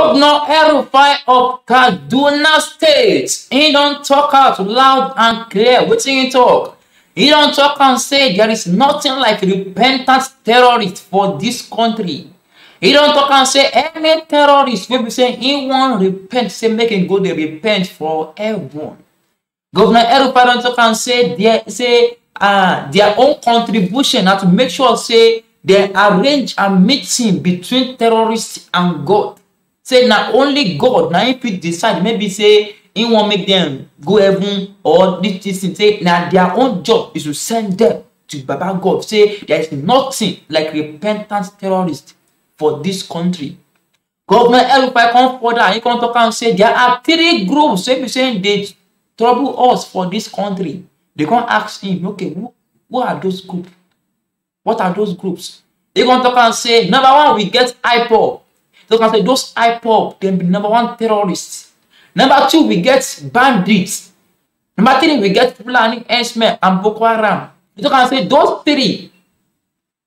Governor el of Kaduna State, he don't talk out loud and clear. What he talk? He don't talk and say there is nothing like repentant terrorist for this country. He don't talk and say any terrorist will be saying he won't repent, say make him go they repent for everyone. Governor el don't talk and say, they, say uh, their own contribution and to make sure say they arrange a meeting between terrorists and God. say na only god na him fit decide maybe say he wan make dem go heaven or this this thing say na their own job is to send them to baba god say there is nothing like repentant terrorist for this country Government, governor I come further he come talk am say there are three groups wey be saying dey trouble us for this country they come ask him okay who who are those groups what are those groups he come talk am say number one we get ipob So Look say those IPOP, can be number one terrorists. Number two, we get bandits. Number three, we get planning, henchmen and Boko Haram. So can say those three,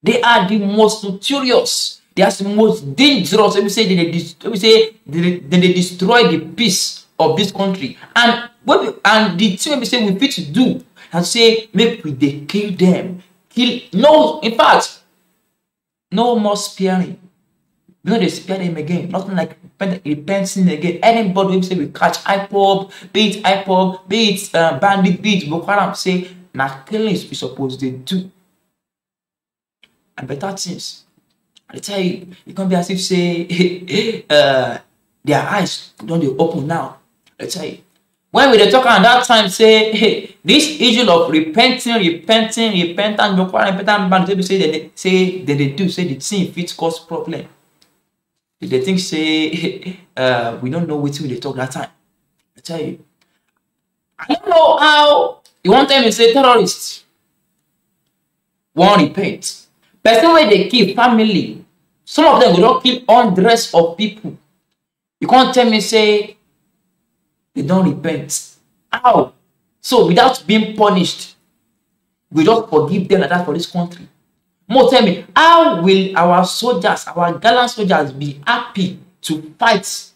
they are the most notorious. They are the most dangerous. Let me say they, let me say they, they, destroy the peace of this country. And what we, and the thing we say we fit to do and say make we they kill them. Kill no, in fact, no more sparing. we no dey spare them again nothing like repenting again anybodi wey say we catch ipob be it beat be it uh, bandit beat boko haram say na killings we suppose dey do and better things i tell you e come be as if say e eh dia eyes don dey open now i tell you wen we dey talk am dat time say hey dis issue of repenting repenting repentant boko haram repentant bandit wey dey say dem dey do say di thing fit cause problem. The thing say uh, we don't know wetin we dey talk that time i tell you i don't know how you want them to say terrorists won't repent person wey they kill family some of them will not kill hundreds of people you can't tell me say they don't repent how so without being punished we just forgive them like that for this country Mo tell me, how will our soldiers, our gallant soldiers be happy to fight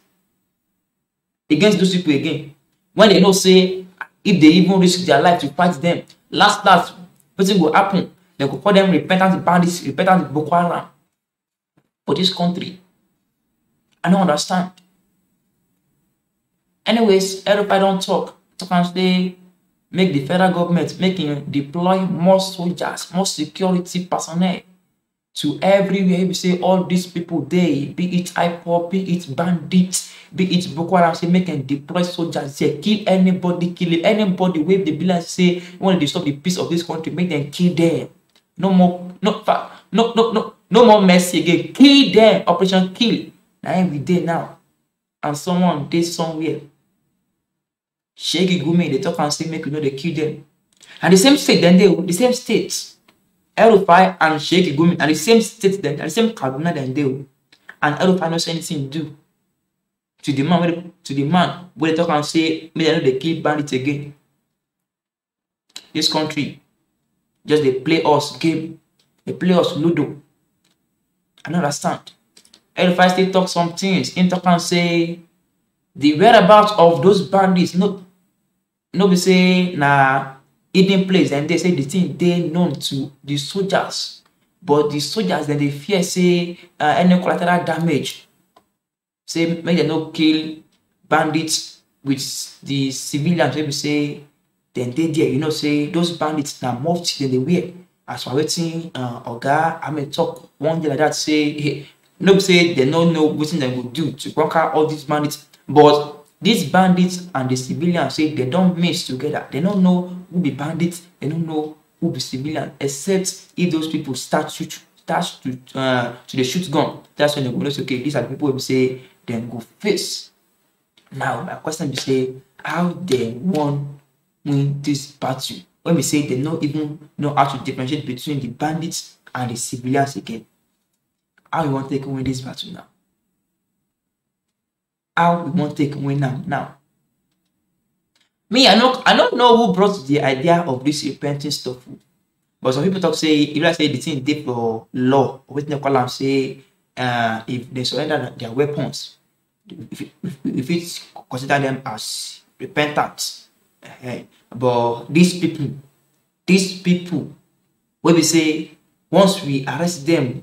against those people again? When they know say, if they even risk their life to fight them, last last, wetin go happen? They go call them repentant bandits, repentant Boko Haram. For this country, I don't understand. Anyways, everybody don talk, talk am say make the federal government make him deploy more soldiers, more security personnel to everywhere. We say all these people they be it IPOP, be it bandits, be it Boko Haram, say make him deploy soldiers there, kill anybody, kill anybody. Wave the bill and say want to disturb the peace of this country, make them kill them. No more, no, no, no, no, no more mercy again. Kill them. Operation kill. Now we there now, and someone did somewhere. Sheikh Gumi, they talk and say, make you know they kill them. And the same state, then they the same state. Erufai and Sheikh Gumi and the same state then and the same Kaduna then they and Erufai not say anything to do. To the man where to the man where they talk and say, make they know they kill bandits again. This country, just they play us game, they play us ludo. I don't understand. Erufai still talk some things, in talk and say the whereabouts of those bandits, no no be say na hidden place dem dey say the thing dey known to the soldiers but the soldiers dem dey fear say uh, any collateral damage say make dem no kill bandits with the civilians wey be say dem dey there you know say those bandits na mufti dem dey wear as for wetin uh, oga ahmed talk one day like that say hey, no be say dem no know wetin dem go do to conquer all these bandits but these bandits and the civilians say they don't mix together they don't know who be bandits they don't know who be civilian except if those people start to start to uh, to the shoot gun that's when they go know okay these are the people who say dem go face now my question be say how they wan win this battle when we say they no even know how to differentiate between the bandits and the civilians again how you wan take win this battle now how we wan take win now. now. Me, I no, I don't know who brought the idea of this repenting stuff. But some people talk say, if I say the thing dey for law, or wetin dem call am say, uh, if they surrender their weapons, if, if, if it consider them as repentant. Uh, but these people, these people, when we say once we arrest them,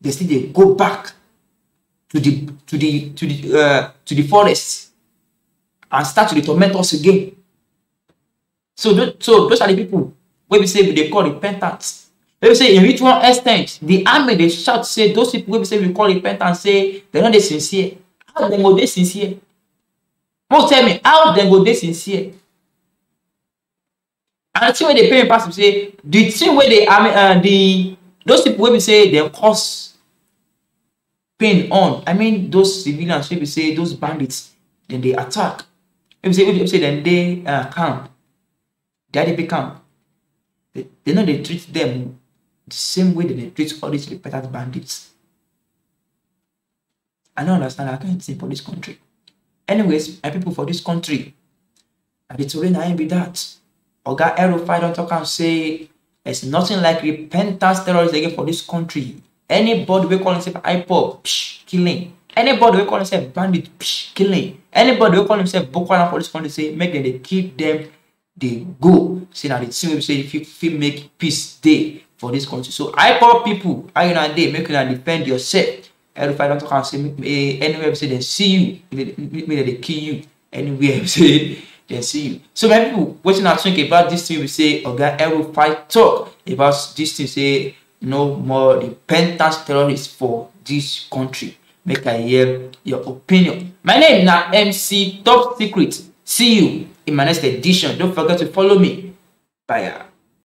they still dey go back to the to the to the uh, to the forest and start to torment us again. So those, so those are the people where we say they call repentance. Wey be say in which one extent the army they shout say those people where we say we call repentance say they're not dey sincere. How dem go dey sincere? Most tell me how dem go dey sincere? And the thing wey they pain me pass be say the thing wey they I mean uh, the those people where we say dem cause pain on. I mean, those civilians, maybe say those bandits, then they attack. Maybe say, maybe say then they uh, camp. They they camp. They, they know they treat them the same way that they treat all these repentant bandits. I don't understand. I can't think for this country. Anyways, my people for this country, I be terrain I be that. Oga Erufai don't talk and say there's nothing like repentance terrorists again for this country. anybody wey call himself IPOB psh killing anybody wey call himself bandit psh killing anybody wey call himself boko haram for dis country say make dem dey kill dem dey go say na the thing wey be say if fit make peace dey for dis country so IPOB pipu how una dey make una defend yourself Erufai don talk am say eh, anywhere be say dem see you make dem dey kill you anywhere be say dem see you so my pipu wetin i think about dis thing be say oga Erufai talk about dis thing say no more repentance terrorists for dis country make i hear your opinion my name na mc top secret see you in my next edition don't forget to follow me bye